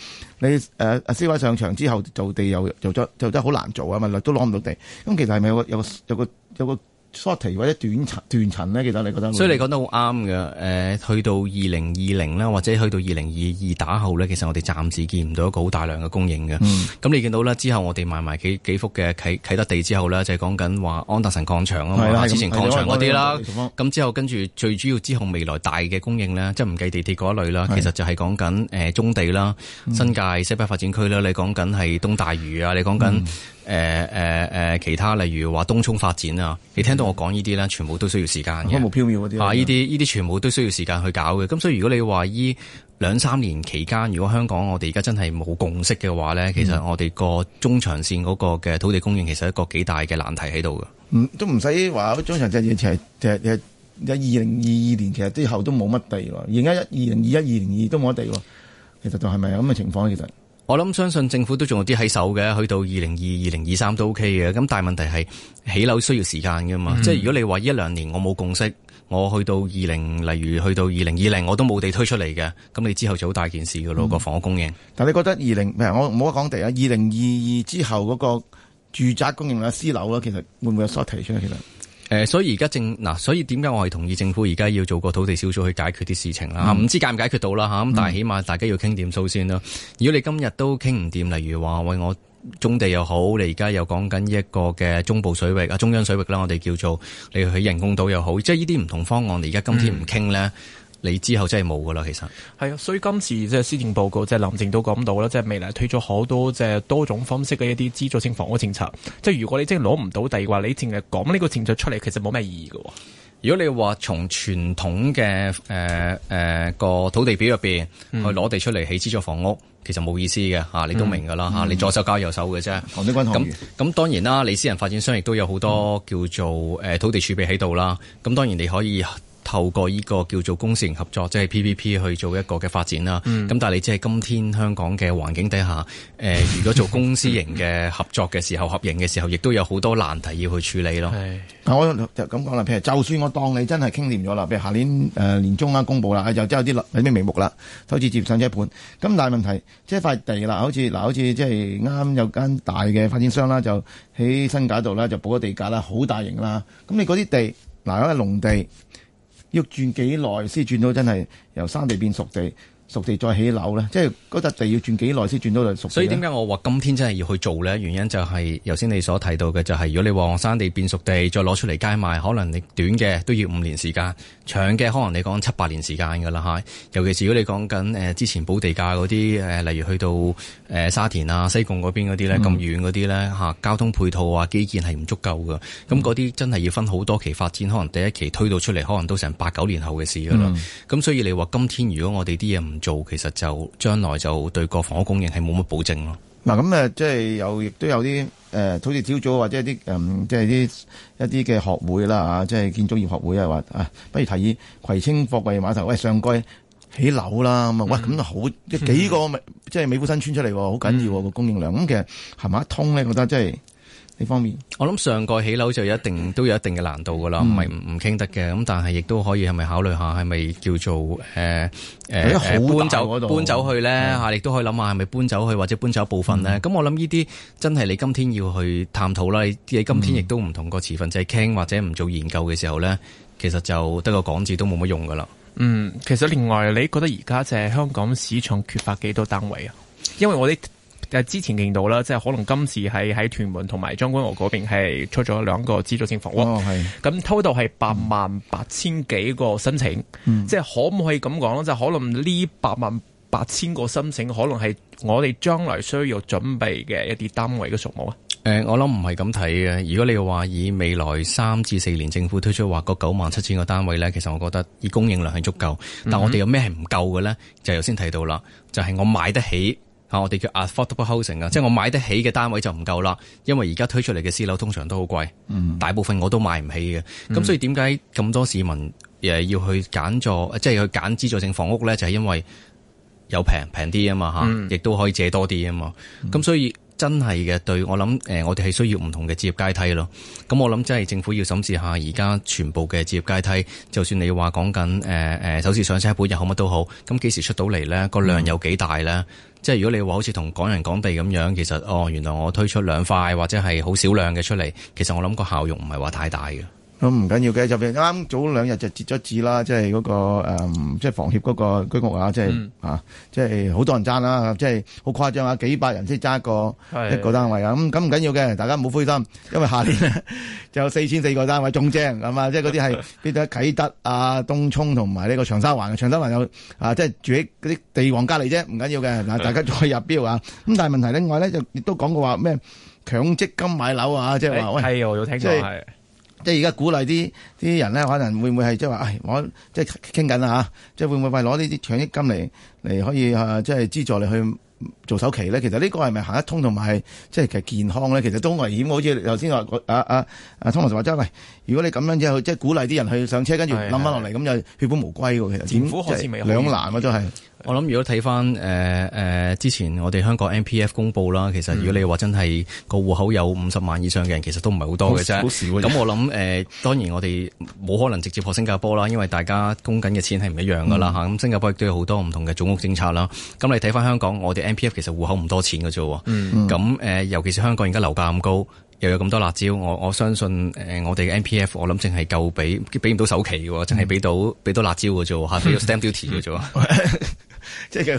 你誒阿 CY 上場之後，做地又做咗，做咗好難做啊嘛，都攞唔到地。咁其實係咪有個有個有個有個？有個有個有個有個 s h o t y 或者短層短層咧，其實你覺得？所以你講得好啱嘅，誒、呃，去到二零二零啦，或者去到二零二二打後咧，其實我哋暫時見唔到一個好大量嘅供應嘅。咁、嗯、你見到啦，之後我哋賣埋幾幾幅嘅啟啟德地之後咧，就係講緊話安達臣廣場啊嘛，啊之前廣場嗰啲啦。咁之後跟住最主要之後未來大嘅供應咧，即係唔計地鐵嗰一類啦，啊、其實就係講緊誒中地啦、新界西北發展區啦。你講緊係東大宇啊，你講緊。誒誒誒，其他例如話東涌發展啊，你聽到我講呢啲咧，全部都需要時間嘅。虛無飄渺嗰啲。啊，依啲依啲全部都需要時間去搞嘅。咁所以如果你話依兩三年期間，如果香港我哋而家真係冇共識嘅話咧，其實我哋個中長線嗰個嘅土地供應其實一個幾大嘅難題喺度嘅。嗯，都唔使話，中長線以前，其實其實二零二二年其實之後都冇乜地喎。而家二零二一二年二都冇地喎。其實就係咪咁嘅情況？其實。我諗相信政府都仲有啲喺手嘅，去到二零二二零二三都 OK 嘅。咁大問題係起樓需要時間嘅嘛，嗯、即係如果你話一兩年我冇共識，我去到二零，例如去到二零二零，我都冇地推出嚟嘅，咁你之後就好大件事噶咯，個、嗯、房屋供應。但你覺得二零我唔好講地啊，二零二二之後嗰個住宅供應啊，私樓咧，其實會唔會有所提升咧？其實？誒、呃，所以而家政嗱，所以點解我係同意政府而家要做個土地小組去解決啲事情啦？唔、嗯、知解唔解決到啦吓，咁、啊、但係起碼大家要傾掂數先啦。嗯、如果你今日都傾唔掂，例如話喂，我中地又好，你而家又講緊一個嘅中部水域啊，中央水域啦，我哋叫做你去人工島又好，即係呢啲唔同方案，你而家今天唔傾咧。嗯你之後真係冇噶啦，其實係啊，所以今次即係施政報告，即係林鄭都講到啦，即係未來推咗好多即係多種方式嘅一啲資助性房屋政策。即係如果你真係攞唔到地嘅話，你淨係講呢個政策出嚟，其實冇咩意義嘅。如果你話從傳統嘅誒誒個土地表入邊去攞地出嚟起資助房屋，其實冇意思嘅嚇，你都明噶啦嚇，嗯嗯、你左手交右手嘅啫。唐德軍，咁咁當然啦，你私人發展商亦都有好多、嗯、叫做誒土地儲備喺度啦。咁當然你可以。透過呢個叫做公私營合作，即、就、係、是、P P P 去做一個嘅發展啦。咁、嗯、但係你即係今天香港嘅環境底下，誒、呃，如果做公私營嘅合作嘅時候， 合營嘅時候，亦都有好多難題要去處理咯是。係，嗱， 我就咁講啦。譬如，就算我當你真係傾掂咗啦，譬如下年誒、呃、年中啱公佈啦，就真有啲立啲咩眉目啦，好似接上一盤。咁但係問題，即係塊地啦，好似嗱，就是、好似即係啱有間大嘅發展商啦，就喺新界度啦，就補咗地價啦，好大型啦。咁你嗰啲地嗱，喺、呃、農地。農地農地農地農要轉幾耐先轉到？真係由生地變熟地。熟地再起樓咧，即係嗰笪地要轉幾耐先轉到嚟熟地。所以點解我話今天真係要去做呢？原因就係，頭先你所提到嘅，就係如果你話生地變熟地再攞出嚟街賣，可能你短嘅都要五年時間，長嘅可能你講七八年時間噶啦吓。尤其是如果你講緊誒之前補地價嗰啲誒，例如去到誒沙田啊、西貢嗰邊嗰啲咧，咁遠嗰啲咧吓，交通配套啊、基建係唔足夠嘅。咁嗰啲真係要分好多期發展，可能第一期推到出嚟，可能都成八九年後嘅事噶啦。咁、嗯、所以你話今天如果我哋啲嘢唔做其實就將來就對個房屋供應係冇乜保證咯。嗱咁誒，即係有亦都有啲誒，土地小組或者啲誒、嗯，即係啲一啲嘅學會啦嚇、啊，即係建築業學會啊，話啊，不如提議葵青貨櫃碼頭喂上蓋起樓啦咁啊，喂、嗯、咁好即係、嗯、幾個即係美孚新村出嚟，好緊要個、啊、供應量咁、嗯、其實行埋一通咧，覺得即係。呢方面，我諗上蓋起樓就有一定都有一定嘅難度噶啦，唔係唔傾得嘅。咁但係亦都可以係咪考慮下係咪叫做誒誒、呃欸、搬走,、欸、搬,走搬走去咧嚇、嗯啊？亦都可以諗下係咪搬走去或者搬走部分咧？咁、嗯、我諗呢啲真係你今天要去探討啦。你今天亦都唔同個持份者傾或者唔做研究嘅時候咧，其實就得個講字都冇乜用噶啦。嗯，其實另外你覺得而家即係香港市場缺乏幾多單位啊？因為我哋。之前見到啦，即係可能今次係喺屯門同埋將軍澳嗰邊係出咗兩個資助性房屋。哦，係。咁 total 係八萬八千幾個申請，嗯、即係可唔可以咁講？就可能呢八萬八千個申請，可能係我哋將來需要準備嘅一啲單位嘅數目啊。誒、呃，我諗唔係咁睇嘅。如果你話以未來三至四年政府推出話嗰九萬七千個單位呢，其實我覺得以供應量係足夠。但我哋有咩係唔夠嘅呢？就頭、是、先提到啦，就係、是、我買得起。啊！我哋叫 affordable housing 啊，即係我買得起嘅單位就唔夠啦，因為而家推出嚟嘅私樓通常都好貴，嗯、大部分我都買唔起嘅。咁、嗯、所以點解咁多市民誒要去揀座，即係去揀資助性房屋咧？就係因為有平平啲啊嘛吓，亦都、嗯、可以借多啲啊嘛。咁、嗯、所以真係嘅，對我諗誒，我哋係需要唔同嘅置業階梯咯。咁我諗真係政府要審視下而家全部嘅置業階梯，就算你話講緊誒誒，首次上車本又好乜都好，咁幾時出到嚟咧？個量有幾大咧？即係如果你話好似同港人港地咁樣，其實哦，原來我推出兩塊或者係好少量嘅出嚟，其實我諗個效用唔係話太大嘅。咁唔緊要嘅，就譬如啱早兩日就截咗字啦，即係嗰、那個、嗯、即係房協嗰個居屋啊、嗯、啊，即係啊，即係好多人爭啦，即係好誇張啊，幾百人先爭一個一個單位啊，咁咁唔緊要嘅，大家唔好灰心，因為下年呢 就有四千四個單位中正係嘛、啊，即係嗰啲係譬如啟德啊、東涌同埋呢個長沙灣嘅長沙灣有啊，即係住喺嗰啲地王隔離啫，唔緊要嘅，嗱、啊、大家再入標啊，咁但係問題另外咧就亦都講過話咩強積金買樓啊，即係話喂，即係。欸即係而家鼓勵啲啲人咧，可能會唔會係即係話，唉，我即係傾緊啦嚇，即係、啊、會唔會為攞呢啲強積金嚟嚟可以誒、啊，即係資助你去做首期咧？其實呢個係咪行得通？同埋即係其實健康咧？其實都危險。好似頭先話阿阿阿湯博士話齋，喂，如果你咁樣之後即係鼓勵啲人去上車，跟住冧翻落嚟咁就血本無歸喎。其實政府何時未兩難喎、啊、都係。我諗如果睇翻誒誒，之前我哋香港 M P F 公布啦，其實如果你話真係個戶口有五十萬以上嘅人，其實都唔係好多嘅啫。咁 我諗誒、呃，當然我哋冇可能直接學新加坡啦，因為大家供緊嘅錢係唔一樣噶啦吓。咁、嗯、新加坡亦都有好多唔同嘅總屋政策啦。咁你睇翻香港，我哋 M P F 其實戶口唔多錢嘅啫。咁誒、嗯嗯呃，尤其是香港而家樓價咁高。又有咁多辣招，我我相信，誒，我哋嘅 M P F，我諗淨係夠俾，俾唔到首期嘅，淨係俾到俾到辣招嘅啫，俾到 stamp duty 嘅啫。即係，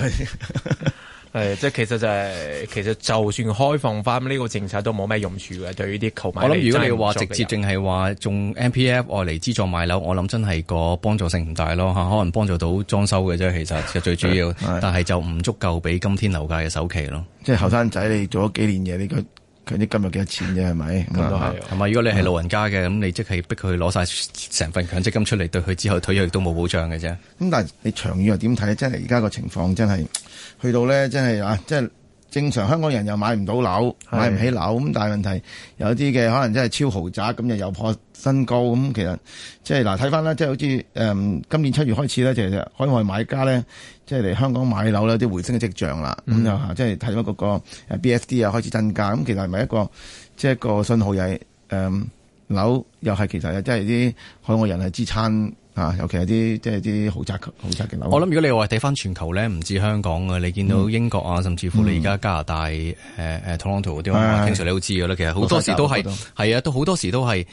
係，即係其實就係，是，其實就算開放翻呢個政策都冇咩用處嘅，對於啲購買。我諗如果你話直接淨係話用 M P F 外嚟資助買樓，我諗真係個幫助性唔大咯，吓，可能幫助到裝修嘅啫，其實其實最主要， 的但係就唔足夠俾今天樓價嘅首期咯。即係後生仔，你做咗幾年嘢呢個？佢哋今日幾多錢，啫係咪咁都係？同埋如果你係老人家嘅，咁、嗯、你即係逼佢攞晒成份強積金出嚟，對佢之後退休亦都冇保障嘅啫。咁、嗯、但係你長遠又點睇？即係而家個情況真係去到咧，真係啊，即係。正常香港人又買唔到樓，買唔起樓咁，但係問題有啲嘅可能真係超豪宅咁，又又破新高咁。其實即係嗱，睇翻啦，即係好似誒今年七月開始咧，其實海外買家咧，即係嚟香港買樓咧，啲回升嘅跡象啦。咁、嗯啊、就即係睇到嗰個 B S D 又開始增加咁，其實係咪一個即係、就是、一個信號？嗯、又係誒樓又係其實又即係啲海外人係支撐。啊，尤其係啲即係啲豪宅區、豪宅嘅樓。我諗如果你話睇翻全球咧，唔止香港嘅，你見到英國啊，嗯、甚至乎你而家加拿大、誒誒多倫多嗰啲，King Sir、啊、你都知嘅啦。其實好多時都係係啊，都好、啊、多時都係誒、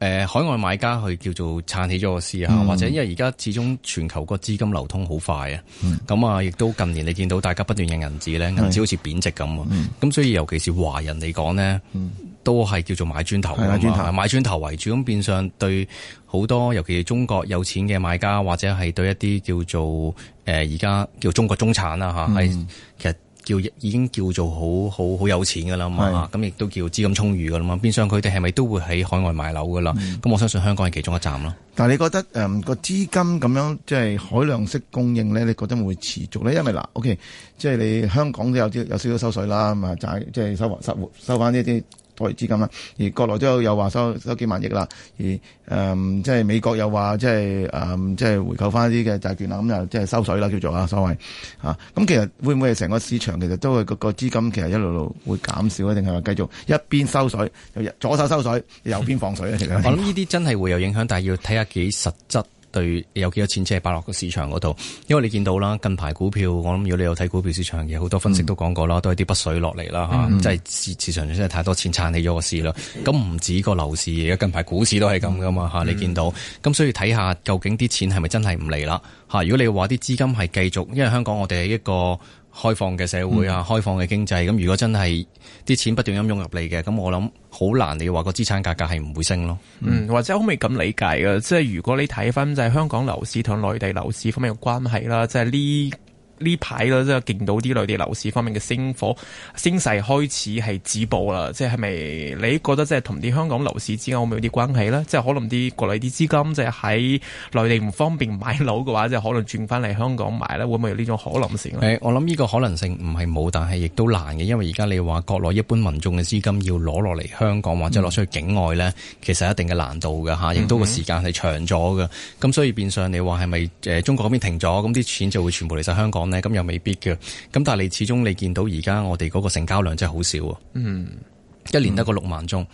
呃、海外買家去叫做撐起咗個市啊，或者、嗯、因為而家始終全球個資金流通好快啊，咁啊、嗯，亦、嗯、都近年你見到大家不斷印銀紙咧，銀紙好似貶值咁啊，咁、嗯嗯嗯嗯、所以尤其是華人嚟講咧。嗯嗯嗯嗯都係叫做買磚頭、磚頭，買磚頭為主，咁變相對好多，尤其是中國有錢嘅買家，或者係對一啲叫做誒而家叫中國中產啦嚇，係、啊嗯、其實叫已經叫做好好好有錢噶啦嘛，咁亦的都叫資金充裕噶啦嘛，變相佢哋係咪都會喺海外買樓噶啦？咁、嗯、我相信香港係其中一站咯。但係你覺得誒個、呃、資金咁樣即係、就是、海量式供應咧，你覺得會持續咧？因為嗱、啊、OK，即係你香港都有啲有少少收稅啦，咁啊，就係即係收收收翻呢啲。多餘資金啦，而國內都有話收收幾萬億啦，而誒、嗯、即係美國又話即係誒、嗯、即係回購翻一啲嘅債券啦，咁就即係收水啦，叫做啊，所謂嚇，咁、啊、其實會唔會係成個市場其實都係個個資金其實一路路會減少咧，定係話繼續一邊收水，左手收水，右邊放水咧？其實我諗呢啲真係會有影響，但係要睇下幾實質。對，有幾多錢即係擺落個市場嗰度？因為你見到啦，近排股票，我諗如果你有睇股票市場嘅，好多分析都講過啦，嗯、都係啲不水落嚟啦嚇，即係市市場真係太多錢撐起咗個市啦。咁唔止個樓市，而家近排股市都係咁噶嘛嚇，你見到咁，嗯、所以睇下究竟啲錢係咪真係唔嚟啦嚇？如果你話啲資金係繼續，因為香港我哋係一個。開放嘅社會啊，開放嘅經濟，咁、嗯、如果真係啲錢不斷咁湧入嚟嘅，咁我諗好難你話個資產價格係唔會升咯。嗯，或者好未咁理解嘅，即係如果你睇翻就係香港樓市同內地樓市方面嘅關係啦，即係呢？呢排嘅即係見到啲內地樓市方面嘅升火升勢開始係止步啦，即係咪你覺得即係同啲香港樓市之間有冇啲關係呢？即係可能啲國內啲資金即係喺內地唔方便買樓嘅話，即係可能轉翻嚟香港買呢，會唔會有呢種可能性？欸、我諗呢個可能性唔係冇，但係亦都難嘅，因為而家你話國內一般民眾嘅資金要攞落嚟香港或者攞出去境外呢，嗯、其實一定嘅難度㗎吓，亦、嗯嗯、都個時間係長咗㗎。咁所以變相你話係咪誒中國嗰邊停咗，咁啲錢就會全部嚟晒香港？咁又未必嘅，咁但係你始終你見到而家我哋嗰個成交量真係好少，嗯，一年得個六萬宗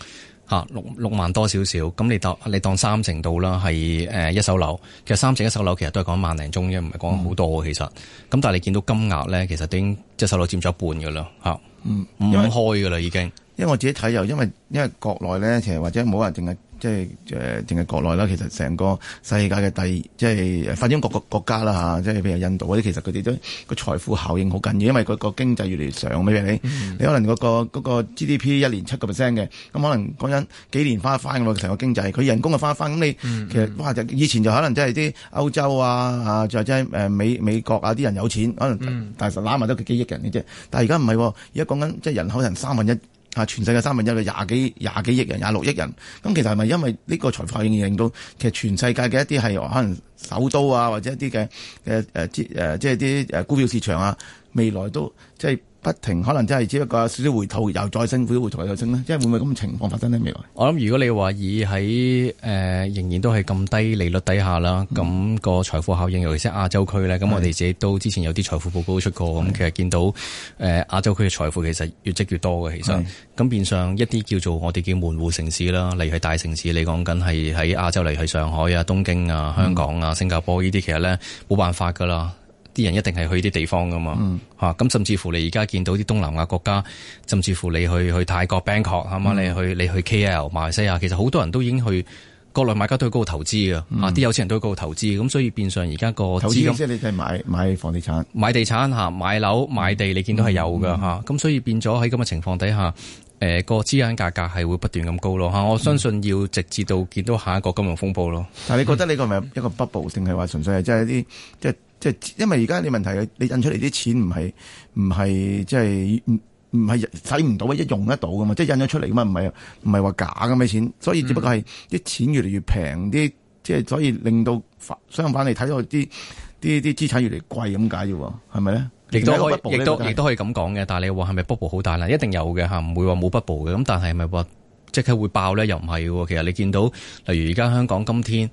吓，六六萬多少少，咁你當你當三成度啦，係誒一手樓，其實三成一手樓其實都係講萬零宗，因為唔係講好多嘅、嗯、其實。咁但係你見到金額咧，其實已經即係手樓佔咗一半噶啦吓，嗯，五五開噶啦已經。嗯、已經因為我自己睇又因為因為國內咧，其實或者冇人淨係。.即係誒，淨係國內啦。其實成個世界嘅第，即係發展各個國家啦吓、啊，即係譬如印度嗰啲，其實佢哋都個財富效應好緊要，因為個經濟越嚟越上俾你，嗯、你可能嗰、嗰個、嗰個、GDP 一年七個 percent 嘅，咁可能講緊幾年翻一番嘅成個經濟。佢人工啊翻一番咁你，嗯、其實以前就可能即係啲歐洲啊啊，即係誒美美國啊啲人有錢，可能、嗯、但係揦埋都幾億人嘅啫。但係而家唔係，而家講緊即係人口人三萬一。啊！全世界三分一嘅廿幾、廿幾億人，廿六億人，咁其實係咪因為呢個財富效應，而令到其實全世界嘅一啲係可能首都啊，或者一啲嘅嘅誒誒，即係啲誒股票市場啊，未來都即係。不停，可能真係只不過少少回吐，又再升，少少回吐又升咧。即係會唔會咁嘅情況發生呢？未來我諗，如果你話以喺誒仍然都係咁低利率底下啦，咁、嗯、個財富效應，尤其是亞洲區咧，咁是的 我哋自己都之前有啲財富報告出過，咁是的 其實見到誒、呃、亞洲區嘅財富其實越積越多嘅。其實咁是的 變相一啲叫做我哋叫門戶城市啦，例如係大城市，你講緊係喺亞洲，嚟，例如上海啊、東京啊、香港啊、嗯、新加坡呢啲，其實咧冇辦法噶啦。啲人一定係去啲地方噶嘛嚇，咁、嗯、甚至乎你而家見到啲東南亞國家，甚至乎你去去泰國 Bangkok 嚇嘛，你去你去 KL 馬來西亞，其實好多人都已經去國內買家都去嗰度投資噶啲、嗯啊、有錢人都去嗰度投資，咁所以變相而家個資金投資先你睇買買房地產，買地產嚇買樓買地，你見到係有噶嚇，咁、嗯嗯啊、所以變咗喺咁嘅情況底下，誒個資產價格係會不斷咁高咯嚇、啊，我相信要直至到見到下一個金融風暴咯。嗯、但係你覺得呢個係咪一個 bubble，定係話純粹係即係啲即係？就是即係，因為而家啲問題，你印出嚟啲錢唔係唔係，即係唔係使唔到啊，一用得到噶嘛，即係印咗出嚟噶嘛，唔係唔係話假咁嘅錢，所以只不過係啲錢越嚟越平啲，即係所以令到相反你睇到啲啲啲資產越嚟越貴咁解嘅喎，係咪咧？亦都亦都亦都可以咁講嘅，但係你話係咪 bubble 好大咧？一定有嘅吓，唔會話冇 bubble 嘅，咁但係係咪話即刻會爆咧？又唔係嘅，其實你見到例如而家香港今天。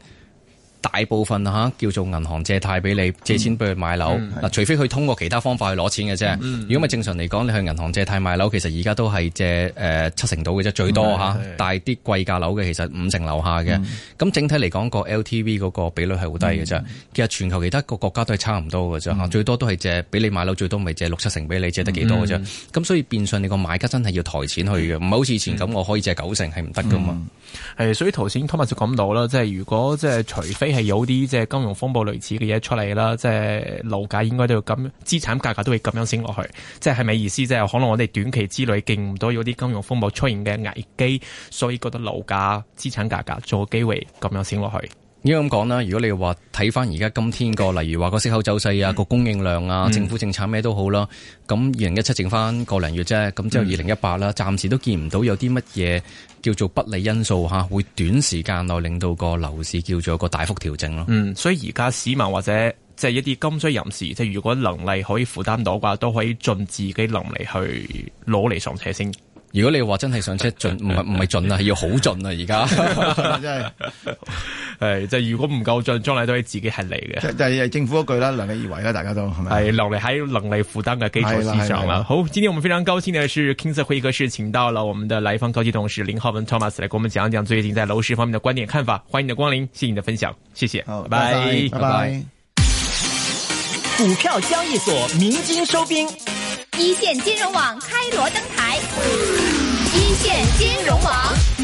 大部分嚇叫做銀行借貸俾你借錢俾佢買樓，嗱除非佢通過其他方法去攞錢嘅啫。如果咪正常嚟講，你去銀行借貸買樓，其實而家都係借誒七成到嘅啫，最多嚇。但係啲貴價樓嘅其實五成樓下嘅。咁整體嚟講個 LTV 嗰個比率係好低嘅啫。其實全球其他個國家都係差唔多嘅啫，最多都係借俾你買樓最多咪借六七成俾你，借得幾多嘅啫。咁所以變相你個買家真係要抬錢去嘅，唔好似以前咁我可以借九成係唔得嘅嘛。係，所以頭先 t h 就 m 講到啦，即係如果即係除非。係有啲即係金融風暴類似嘅嘢出嚟啦，即係樓價應該都要咁，資產價格都會咁樣升落去，即係係咪意思即係可能我哋短期之內見唔到有啲金融風暴出現嘅危機，所以覺得樓價資產價格仲有機會咁樣升落去。應該咁講啦，如果你話睇翻而家今天個，例如話個息口走勢啊，個、嗯、供應量啊，嗯、政府政策咩都好啦。咁二零一七剩翻個零月啫，咁之後二零一八啦，暫時都見唔到有啲乜嘢叫做不利因素吓、啊，會短時間內令到個樓市叫做一個大幅調整咯。嗯，所以而家市民或者即係、就是、一啲剛需人士，即、就、係、是、如果能力可以負擔到嘅話，都可以盡自己能力去攞嚟上車先。如果你話真係上車進，唔係唔係進啊，要好進啊，而家真係係即係如果唔夠進，將來都係自己係嚟嘅。 就就政府嗰句啦，量力而為啦，大家都係咪？係量力喺能力負擔嘅基礎之上啦。好，今天我們非常高興嘅是，King Sir 會客室請到了我們的萊坊高級董事林浩文 Thomas 來，跟我們講一講最近在樓市方面的觀點看法。歡迎你的光臨，謝謝你的分享，謝謝。好，拜拜。股票交易所明金收兵。一線金融網開鑼登台，一線金融網。